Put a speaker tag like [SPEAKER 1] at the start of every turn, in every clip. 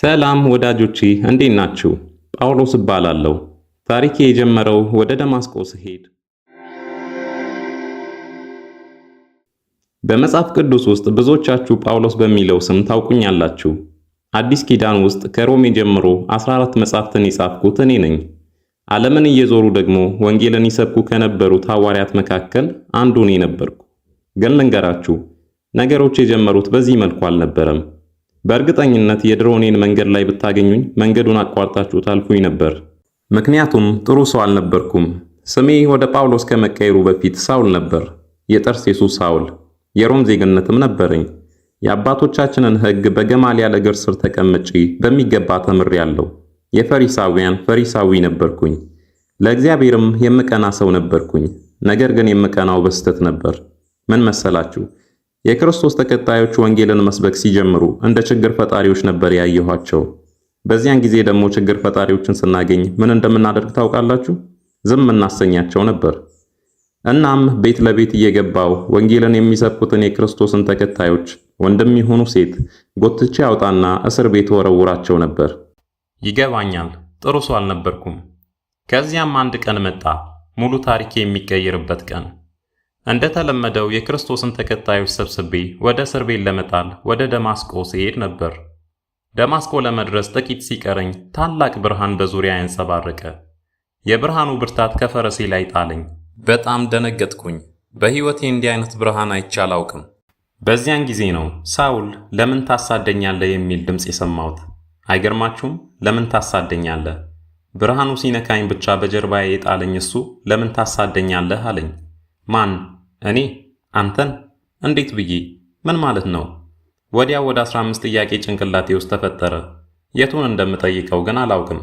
[SPEAKER 1] ሰላም ወዳጆቼ እንዴት ናችሁ? ጳውሎስ እባላለሁ። ታሪኬ የጀመረው ወደ ደማስቆ ስሄድ በመጽሐፍ ቅዱስ ውስጥ ብዙዎቻችሁ ጳውሎስ በሚለው ስም ታውቁኛላችሁ። አዲስ ኪዳን ውስጥ ከሮሜ ጀምሮ 14 መጻሕፍትን የጻፍኩት እኔ ነኝ። ዓለምን እየዞሩ ደግሞ ወንጌልን ይሰብኩ ከነበሩት ሐዋርያት መካከል አንዱ እኔ ነበርኩ። ግን ልንገራችሁ፣ ነገሮች የጀመሩት በዚህ መልኩ አልነበረም። በእርግጠኝነት የድሮኔን መንገድ ላይ ብታገኙኝ መንገዱን አቋርጣችሁ ታልፉኝ ነበር። ምክንያቱም ጥሩ ሰው አልነበርኩም። ስሜ ወደ ጳውሎስ ከመቀየሩ በፊት ሳውል ነበር፣ የጠርሴሱ ሳውል። የሮም ዜግነትም ነበረኝ። የአባቶቻችንን ሕግ በገማልያል እግር ስር ተቀምጪ በሚገባ ተምሬአለሁ። የፈሪሳውያን ፈሪሳዊ ነበርኩኝ። ለእግዚአብሔርም የምቀና ሰው ነበርኩኝ። ነገር ግን የምቀናው በስተት ነበር። ምን መሰላችሁ? የክርስቶስ ተከታዮች ወንጌልን መስበክ ሲጀምሩ እንደ ችግር ፈጣሪዎች ነበር ያየኋቸው። በዚያን ጊዜ ደግሞ ችግር ፈጣሪዎችን ስናገኝ ምን እንደምናደርግ ታውቃላችሁ? ዝም እናሰኛቸው ነበር። እናም ቤት ለቤት እየገባው ወንጌልን የሚሰብኩትን የክርስቶስን ተከታዮች ወንድም የሆኑ ሴት ጎትቼ አውጣና እስር ቤት ወረውራቸው ነበር።
[SPEAKER 2] ይገባኛል፣ ጥሩ ሰው አልነበርኩም። ከዚያም አንድ ቀን መጣ፣ ሙሉ ታሪኬ የሚቀየርበት ቀን። እንደተለመደው የክርስቶስን ተከታዮች ሰብስቤ ወደ እስር ቤት ለመጣል ወደ ደማስቆ ሲሄድ ነበር። ደማስቆ ለመድረስ ጥቂት ሲቀረኝ ታላቅ ብርሃን በዙሪያ ያንጸባረቀ። የብርሃኑ ብርታት ከፈረሴ ላይ ጣለኝ። በጣም ደነገጥኩኝ። በሕይወቴ እንዲህ አይነት ብርሃን አይቼ አላውቅም። በዚያን ጊዜ ነው ሳውል ለምን ታሳደኛለህ የሚል ድምፅ የሰማሁት። አይገርማችሁም? ለምን ታሳደኛለህ? ብርሃኑ ሲነካኝ ብቻ በጀርባዬ የጣለኝ እሱ ለምን ታሳደኛለህ አለኝ። ማን? እኔ አንተን እንዴት ብዬ ምን ማለት ነው? ወዲያ ወደ 15 ጥያቄ ጭንቅላቴ ውስጥ ተፈጠረ። የቱን እንደምጠይቀው ግን አላውቅም።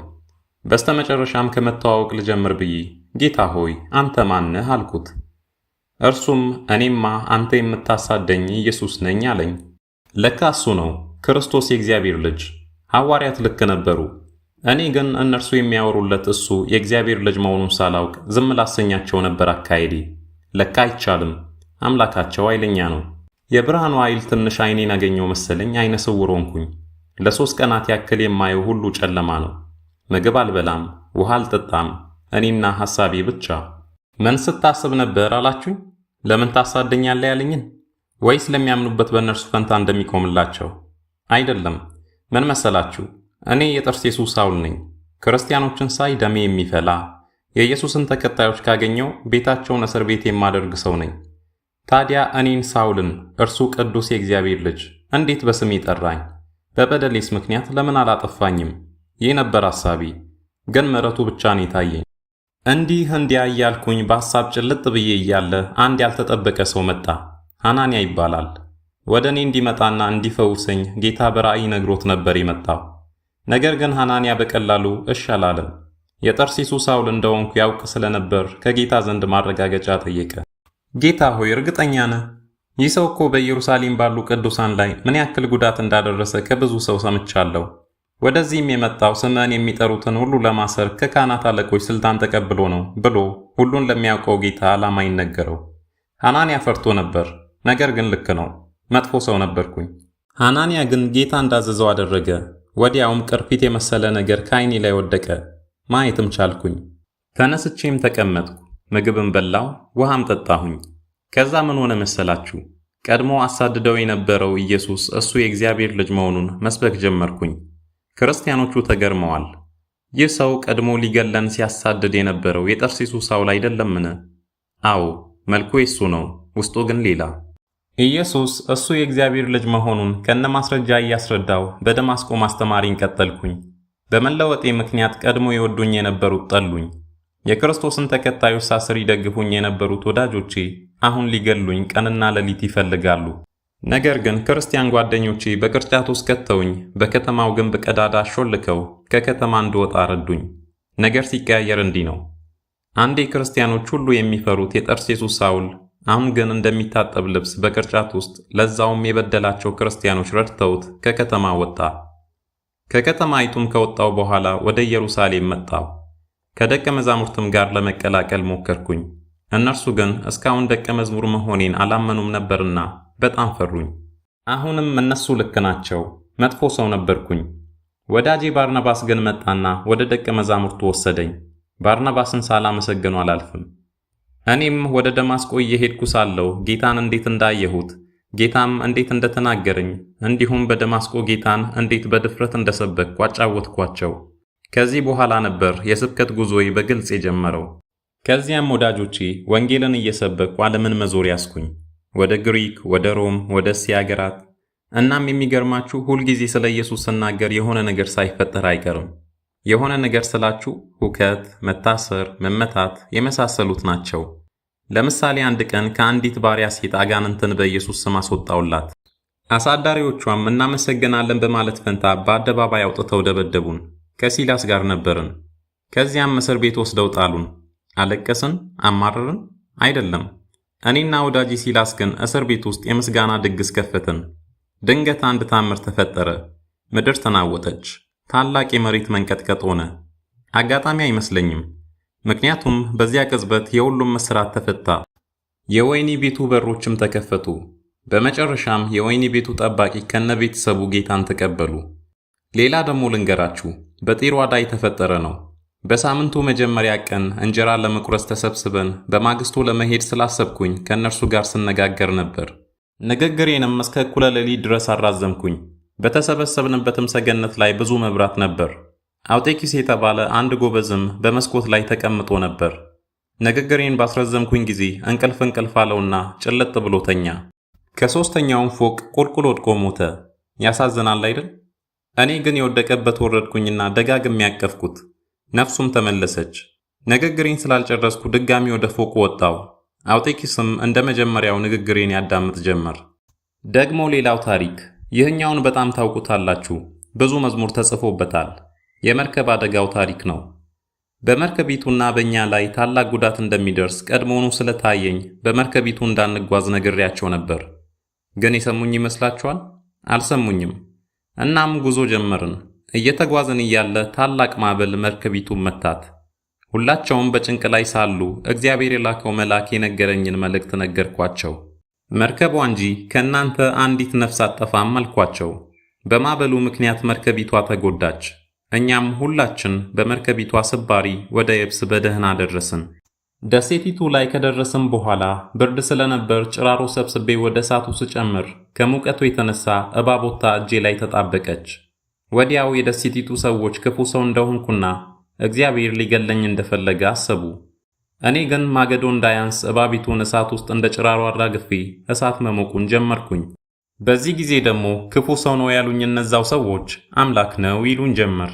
[SPEAKER 2] በስተመጨረሻም ከመተዋወቅ ልጀምር ብዬ ጌታ ሆይ አንተ ማንህ አልኩት። እርሱም እኔማ አንተ የምታሳደኝ ኢየሱስ ነኝ አለኝ። ለካ እሱ ነው ክርስቶስ የእግዚአብሔር ልጅ። ሐዋርያት ልክ ነበሩ። እኔ ግን እነርሱ የሚያወሩለት እሱ የእግዚአብሔር ልጅ መሆኑን ሳላውቅ ዝም ላሰኛቸው ነበር አካሄዴ። ለካ አይቻልም። አምላካቸው ኃይለኛ ነው። የብርሃኑ ኃይል ትንሽ አይኔን አገኘው መሰለኝ አይነ ስውር ሆንኩኝ። ለሶስት ቀናት ያክል የማየው ሁሉ ጨለማ ነው። ምግብ አልበላም፣ ውሃ አልጠጣም። እኔና ሐሳቤ ብቻ። ምን ስታስብ ነበር አላችሁኝ? ለምን ታሳደኛለህ ያለኝን ወይስ ለሚያምኑበት በእነርሱ ፈንታ እንደሚቆምላቸው አይደለም። ምን መሰላችሁ? እኔ የጥርሴ ሱ ሳውል ነኝ። ክርስቲያኖችን ሳይ ደሜ የሚፈላ የኢየሱስን ተከታዮች ካገኘው ቤታቸውን እስር ቤት የማደርግ ሰው ነኝ። ታዲያ እኔን ሳውልን እርሱ ቅዱስ የእግዚአብሔር ልጅ እንዴት በስም ይጠራኝ? በበደሌስ ምክንያት ለምን አላጠፋኝም? ይህ ነበር ሐሳቢ፣ ግን ምሕረቱ ብቻ ነው የታየኝ። እንዲህ እንዲያ እያልኩኝ በሐሳብ ጭልጥ ብዬ እያለ አንድ ያልተጠበቀ ሰው መጣ። ሐናንያ ይባላል። ወደ እኔ እንዲመጣና እንዲፈውሰኝ ጌታ በራእይ ነግሮት ነበር የመጣው። ነገር ግን ሐናንያ በቀላሉ እሺ አላለም። የጠርሲሱ ሳውል እንደሆንኩ ያውቅ ስለነበር ከጌታ ዘንድ ማረጋገጫ ጠየቀ። ጌታ ሆይ እርግጠኛ ነህ? ይህ ሰው እኮ በኢየሩሳሌም ባሉ ቅዱሳን ላይ ምን ያክል ጉዳት እንዳደረሰ ከብዙ ሰው ሰምቻለሁ። ወደዚህም የመጣው ስምህን የሚጠሩትን ሁሉ ለማሰር ከካህናት አለቆች ስልጣን ተቀብሎ ነው ብሎ ሁሉን ለሚያውቀው ጌታ ዓላማ ይነገረው። ሐናንያ ፈርቶ ነበር። ነገር ግን ልክ ነው፣ መጥፎ ሰው ነበርኩኝ። ሐናንያ ግን ጌታ እንዳዘዘው አደረገ። ወዲያውም ቅርፊት የመሰለ ነገር ከዓይኔ ላይ ወደቀ። ማየትም ቻልኩኝ። ተነስቼም ተቀመጥኩ። ምግብም በላው፣ ውሃም ጠጣሁኝ። ከዛ ምን ሆነ መሰላችሁ? ቀድሞ አሳድደው የነበረው ኢየሱስ እሱ የእግዚአብሔር ልጅ መሆኑን መስበክ ጀመርኩኝ። ክርስቲያኖቹ ተገርመዋል። ይህ ሰው ቀድሞ ሊገለን ሲያሳድድ የነበረው የጠርሴሱ ሳውል አይደለምን? አዎ፣ መልኩ የሱ ነው፣ ውስጡ ግን ሌላ። ኢየሱስ እሱ የእግዚአብሔር ልጅ መሆኑን ከነ ማስረጃ እያስረዳው በደማስቆ ማስተማሪን ቀጠልኩኝ። በመለወጤ ምክንያት ቀድሞ የወዱኝ የነበሩት ጠሉኝ። የክርስቶስን ተከታዮች ሳስር ይደግፉኝ የነበሩት ወዳጆቼ አሁን ሊገሉኝ ቀንና ሌሊት ይፈልጋሉ። ነገር ግን ክርስቲያን ጓደኞቼ በቅርጫት ውስጥ ከተውኝ፣ በከተማው ግንብ ቀዳዳ አሾልከው ከከተማ እንድወጣ ረዱኝ። ነገር ሲቀያየር እንዲህ ነው። አንዴ ክርስቲያኖች ሁሉ የሚፈሩት የጠርሴሱ ሳውል አሁን ግን እንደሚታጠብ ልብስ በቅርጫት ውስጥ ለዛውም የበደላቸው ክርስቲያኖች ረድተውት ከከተማ ወጣ። ከከተማይቱም ከወጣው በኋላ ወደ ኢየሩሳሌም መጣው ከደቀ መዛሙርትም ጋር ለመቀላቀል ሞከርኩኝ። እነርሱ ግን እስካሁን ደቀ መዝሙር መሆኔን አላመኑም ነበርና በጣም ፈሩኝ። አሁንም እነሱ ልክ ናቸው፣ መጥፎ ሰው ነበርኩኝ። ወዳጄ ባርናባስ ግን መጣና ወደ ደቀ መዛሙርቱ ወሰደኝ። ባርናባስን ሳላመሰግኑ አላልፍም። እኔም ወደ ደማስቆ እየሄድኩ ሳለው ጌታን እንዴት እንዳየሁት ጌታም እንዴት እንደተናገረኝ እንዲሁም በደማስቆ ጌታን እንዴት በድፍረት እንደሰበክኩ አጫወትኳቸው። ከዚህ በኋላ ነበር የስብከት ጉዞዬ በግልጽ የጀመረው። ከዚያም ወዳጆቼ ወንጌልን እየሰበኩ ዓለምን መዞር ያስኩኝ፣ ወደ ግሪክ፣ ወደ ሮም፣ ወደ እስያ አገራት። እናም የሚገርማችሁ ሁልጊዜ ስለ ኢየሱስ ስናገር የሆነ ነገር ሳይፈጠር አይቀርም። የሆነ ነገር ስላችሁ ሁከት፣ መታሰር፣ መመታት የመሳሰሉት ናቸው። ለምሳሌ አንድ ቀን ከአንዲት ባሪያ ሴት አጋንንትን በኢየሱስ ስም አስወጣውላት። አሳዳሪዎቿም እናመሰግናለን በማለት ፈንታ በአደባባይ አውጥተው ደበደቡን። ከሲላስ ጋር ነበርን። ከዚያም እስር ቤት ወስደው ጣሉን። አለቀስን? አማረርን? አይደለም። እኔና ወዳጅ ሲላስ ግን እስር ቤት ውስጥ የምስጋና ድግስ ከፈትን። ድንገት አንድ ታምር ተፈጠረ። ምድር ተናወጠች። ታላቅ የመሬት መንቀጥቀጥ ሆነ። አጋጣሚ አይመስለኝም። ምክንያቱም በዚያ ቅጽበት የሁሉም እስራት ተፈታ። የወይኒ ቤቱ በሮችም ተከፈቱ። በመጨረሻም የወይኒ ቤቱ ጠባቂ ከነ ቤተሰቡ ጌታን ተቀበሉ። ሌላ ደግሞ ልንገራችሁ፣ በጢሮአዳ የተፈጠረ ነው። በሳምንቱ መጀመሪያ ቀን እንጀራ ለመቁረስ ተሰብስበን በማግስቱ ለመሄድ ስላሰብኩኝ ከእነርሱ ጋር ስነጋገር ነበር። ንግግሬንም እስከ እኩለ ሌሊት ድረስ አራዘምኩኝ። በተሰበሰብንበትም ሰገነት ላይ ብዙ መብራት ነበር። አውጤኪስ የተባለ አንድ ጎበዝም በመስኮት ላይ ተቀምጦ ነበር። ንግግሬን ባስረዘምኩኝ ጊዜ እንቅልፍ እንቅልፍ አለውና ጭለጥ ብሎ ተኛ። ከሦስተኛውም ፎቅ ቁልቁል ወድቆ ሞተ። ያሳዝናል አይደል? እኔ ግን የወደቀበት ወረድኩኝና ደጋግሜ ያቀፍኩት፣ ነፍሱም ተመለሰች። ንግግሬን ስላልጨረስኩ ድጋሚ ወደ ፎቁ ወጣው። አውጤኪስም እንደ መጀመሪያው ንግግሬን ያዳምጥ ጀመር። ደግሞ ሌላው ታሪክ፣ ይህኛውን በጣም ታውቁታላችሁ፣ ብዙ መዝሙር ተጽፎበታል። የመርከብ አደጋው ታሪክ ነው። በመርከቢቱና በእኛ ላይ ታላቅ ጉዳት እንደሚደርስ ቀድሞውኑ ስለታየኝ በመርከቢቱ እንዳንጓዝ ነግሬያቸው ነበር። ግን የሰሙኝ ይመስላችኋል? አልሰሙኝም። እናም ጉዞ ጀመርን። እየተጓዝን እያለ ታላቅ ማዕበል መርከቢቱን መታት። ሁላቸውም በጭንቅ ላይ ሳሉ እግዚአብሔር የላከው መልአክ የነገረኝን መልእክት ነገርኳቸው። መርከቧ እንጂ ከእናንተ አንዲት ነፍስ አጠፋም አልኳቸው። በማዕበሉ ምክንያት መርከቢቷ ተጎዳች። እኛም ሁላችን በመርከቢቷ ስባሪ ወደ የብስ በደህና ደረስን። ደሴቲቱ ላይ ከደረስን በኋላ ብርድ ስለነበር ጭራሮ ሰብስቤ ወደ እሳቱ ስጨምር ከሙቀቱ የተነሳ እባቦታ እጄ ላይ ተጣበቀች። ወዲያው የደሴቲቱ ሰዎች ክፉ ሰው እንደሆንኩና እግዚአብሔር ሊገለኝ እንደፈለገ አሰቡ። እኔ ግን ማገዶ እንዳያንስ እባቢቱን እሳት ውስጥ እንደ ጭራሮ አራግፌ እሳት መሞቁን ጀመርኩኝ። በዚህ ጊዜ ደግሞ ክፉ ሰው ነው ያሉኝ እነዛው ሰዎች አምላክ ነው ይሉን ጀመር።